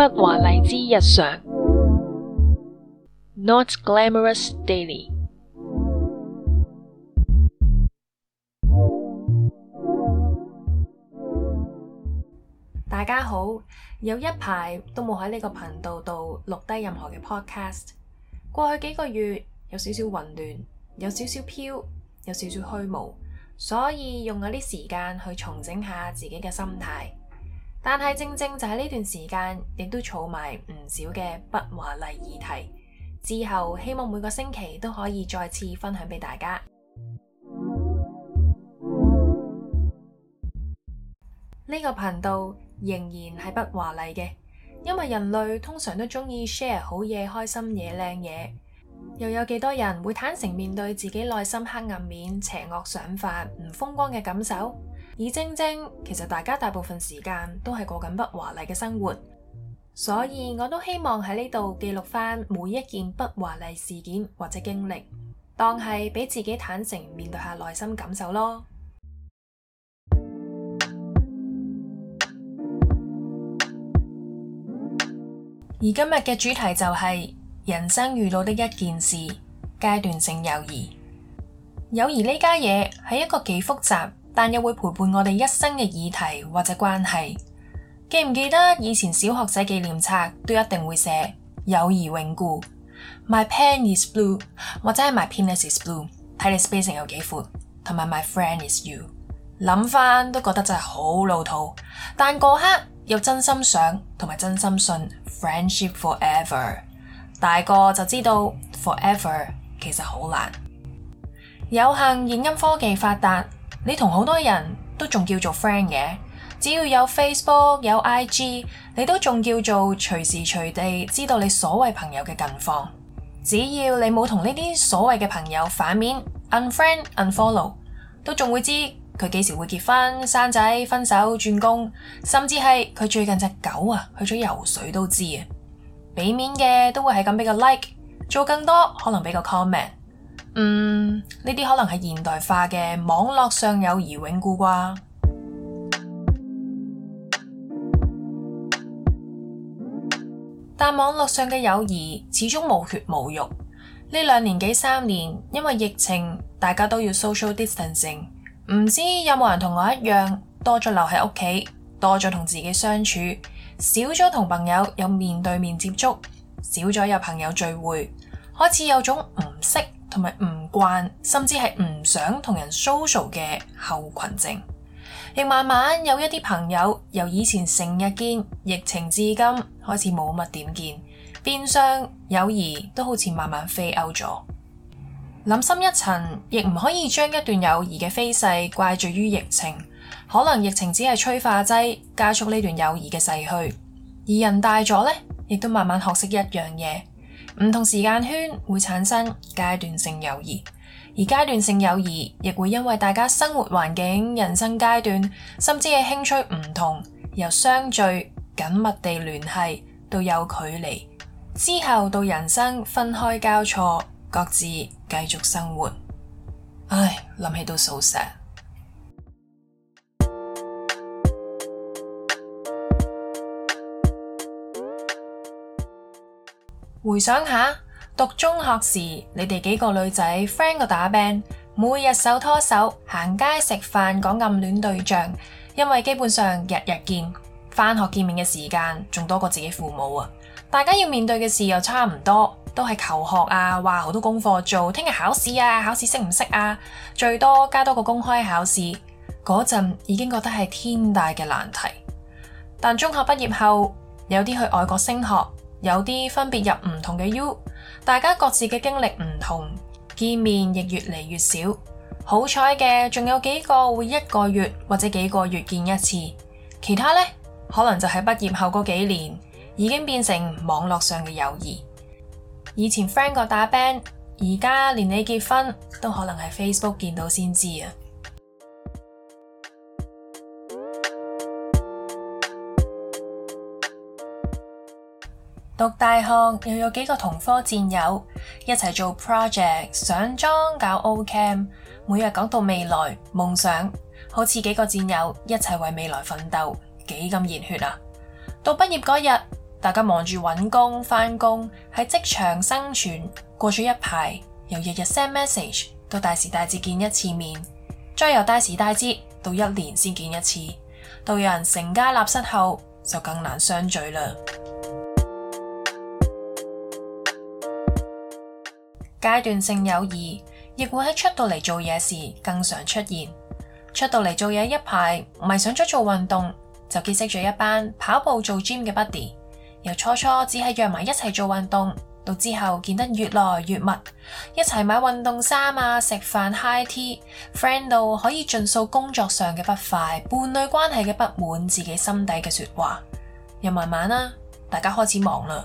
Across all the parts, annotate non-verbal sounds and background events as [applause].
不華麗之日常，Not Glamorous Daily。大家好，有一排都冇喺呢個頻道度錄低任何嘅 podcast。過去幾個月有少少混亂，有少少飄，有少少虛無，所以用咗啲時間去重整下自己嘅心態。但係正正就係呢段時間，亦都儲埋唔少嘅不華麗議題。之後希望每個星期都可以再次分享俾大家。呢 [music] 個頻道仍然係不華麗嘅，因為人類通常都中意 share 好嘢、開心嘢、靚嘢。又有幾多人會坦誠面對自己內心黑暗面、邪惡想法、唔風光嘅感受？以晶晶，其實大家大部分時間都係過緊不華麗嘅生活，所以我都希望喺呢度記錄返每一件不華麗事件或者經歷，當係俾自己坦誠面對下內心感受咯。而今日嘅主題就係人生遇到的一件事——階段性友誼。友誼呢家嘢係一個幾複雜。但又會陪伴我哋一生嘅議題或者關係，記唔記得以前小學寫紀念冊都一定會寫友誼永固，My pen is blue，或者係 My penis blue，睇你 spacing 有幾闊，同埋 My friend is you，諗翻都覺得真係好老土，但嗰刻又真心想同埋真心信 friendship forever，大個就知道 forever 其實好難，有幸現今科技發達。你同好多人都仲叫做 friend 嘅，只要有 Facebook 有 IG，你都仲叫做隨時隨地知道你所謂朋友嘅近況。只要你冇同呢啲所謂嘅朋友反面 unfriend unfollow，都仲會知佢幾時會結婚、生仔、分手、轉工，甚至係佢最近隻狗啊去咗游水都知啊。俾面嘅都會係咁俾個 like，做更多可能俾個 comment。嗯，呢啲可能係現代化嘅網絡上友誼永固啩。但網絡上嘅友誼始終無血無肉。呢兩年幾三年，因為疫情，大家都要 social distancing，唔知有冇人同我一樣多咗留喺屋企，多咗同自己相處，少咗同朋友有面對面接觸，少咗有朋友聚會，開始有種唔識。同埋唔慣，甚至係唔想同人 social 嘅後群症，亦慢慢有一啲朋友由以前成日見，疫情至今開始冇乜點見，變相友誼都好似慢慢 fade out 咗。諗深一層，亦唔可以將一段友誼嘅飛逝怪罪於疫情，可能疫情只係催化劑，加速呢段友誼嘅逝去。而人大咗呢，亦都慢慢學識一樣嘢。唔同時間圈會產生階段性友誼，而階段性友誼亦會因為大家生活環境、人生階段，甚至係興趣唔同，由相聚緊密地聯繫到有距離，之後到人生分開交錯，各自繼續生活。唉，諗起都掃石。回想下，讀中學時，你哋幾個女仔 friend 個打 Band，每日手拖手行街食飯，講暗戀對象，因為基本上日日見，返學見面嘅時間仲多過自己父母啊。大家要面對嘅事又差唔多，都係求學啊，話好多功課做，聽日考試啊，考試識唔識啊？最多加多個公開考試，嗰陣已經覺得係天大嘅難題。但中學畢業後，有啲去外國升學。有啲分別入唔同嘅 U，大家各自嘅經歷唔同，見面亦越嚟越少。好彩嘅仲有幾個會一個月或者幾個月見一次，其他呢可能就喺畢業後嗰幾年，已經變成網絡上嘅友誼。以前 friend 過打 Band，而家連你結婚都可能喺 Facebook 見到先知啊！讀大學又有幾個同科戰友一齊做 project 上莊、搞 O camp，每日講到未來夢想，好似幾個戰友一齊為未來奮鬥，幾咁熱血啊！到畢業嗰日，大家忙住揾工返工，喺職場生存過咗一排，由日日 send message 到大時大節見一次面，再由大時大節到一年先見一次，到有人成家立室後就更難相聚啦。階段性友誼亦會喺出到嚟做嘢時更常出現。出到嚟做嘢一排，迷上咗做運動就結識咗一班跑步做 gym 嘅 buddy，由初初只係約埋一齊做運動，到之後見得越來越密，一齊買運動衫啊，食飯 high tea，friend 到、哦、可以盡訴工作上嘅不快、伴侶關係嘅不滿、自己心底嘅說話。又慢慢啦、啊，大家開始忙啦，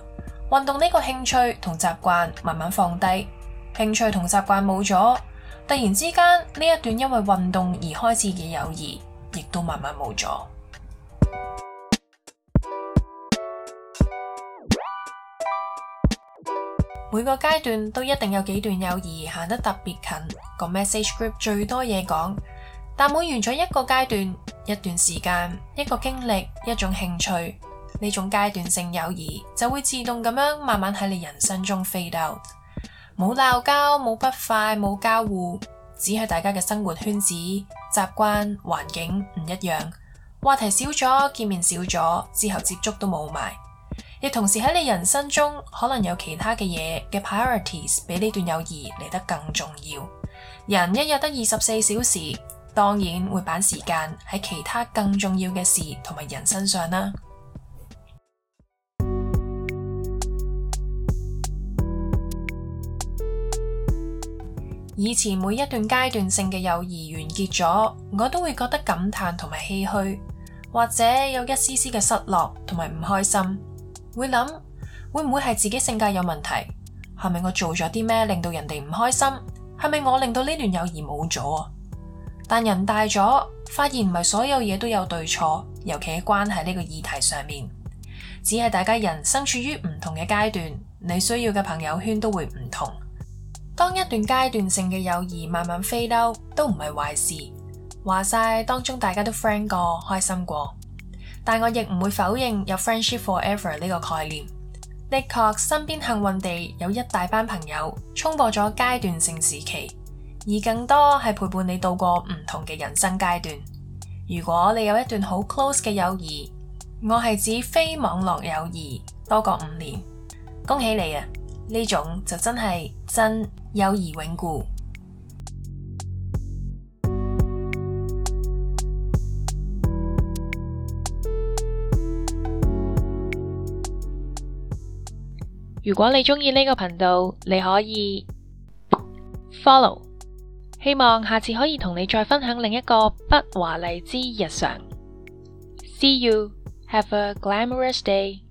運動呢個興趣同習慣慢慢放低。興趣同習慣冇咗，突然之間呢一段因為運動而開始嘅友誼，亦都慢慢冇咗。 [music] 每個階段都一定有幾段友誼行得特別近， [music] 個 message group 最多嘢講。但每完咗一個階段，一段時間，一個經歷，一種興趣，呢 [music] 種階段性友誼就會自動咁樣慢慢喺你人生中 fade out。冇鬧交，冇不快，冇交互，只係大家嘅生活圈子、習慣、環境唔一樣，話題少咗，見面少咗，之後接觸都冇埋，亦同時喺你人生中可能有其他嘅嘢嘅 priorities 比呢段友誼嚟得更重要。人一日得二十四小時，當然會把時間喺其他更重要嘅事同埋人身上啦。以前每一段階段性嘅友誼完結咗，我都會覺得感嘆同埋唏噓，或者有一絲絲嘅失落同埋唔開心，會諗會唔會係自己性格有問題，係咪我做咗啲咩令到人哋唔開心，係咪我令到呢段友誼冇咗啊？但人大咗，發現唔係所有嘢都有對錯，尤其係關係呢個議題上面，只係大家人生處於唔同嘅階段，你需要嘅朋友圈都會唔同。當一段階段性嘅友誼慢慢 fade out，都唔係壞事。話晒當中大家都 friend 過，開心過。但我亦唔會否認有 friendship forever 呢個概念。的確， [music] 確身邊幸運地有一大班朋友衝破咗階段性時期，而更多係陪伴你度過唔同嘅人生階段。如果你有一段好 close 嘅友誼，我係指非網絡友誼，多過五年，恭喜你啊！呢種就真係真。友誼永固。如果你鍾意呢個頻道，你可以 follow。希望下次可以同你再分享另一個不華麗之日常。See you, have a glamorous day.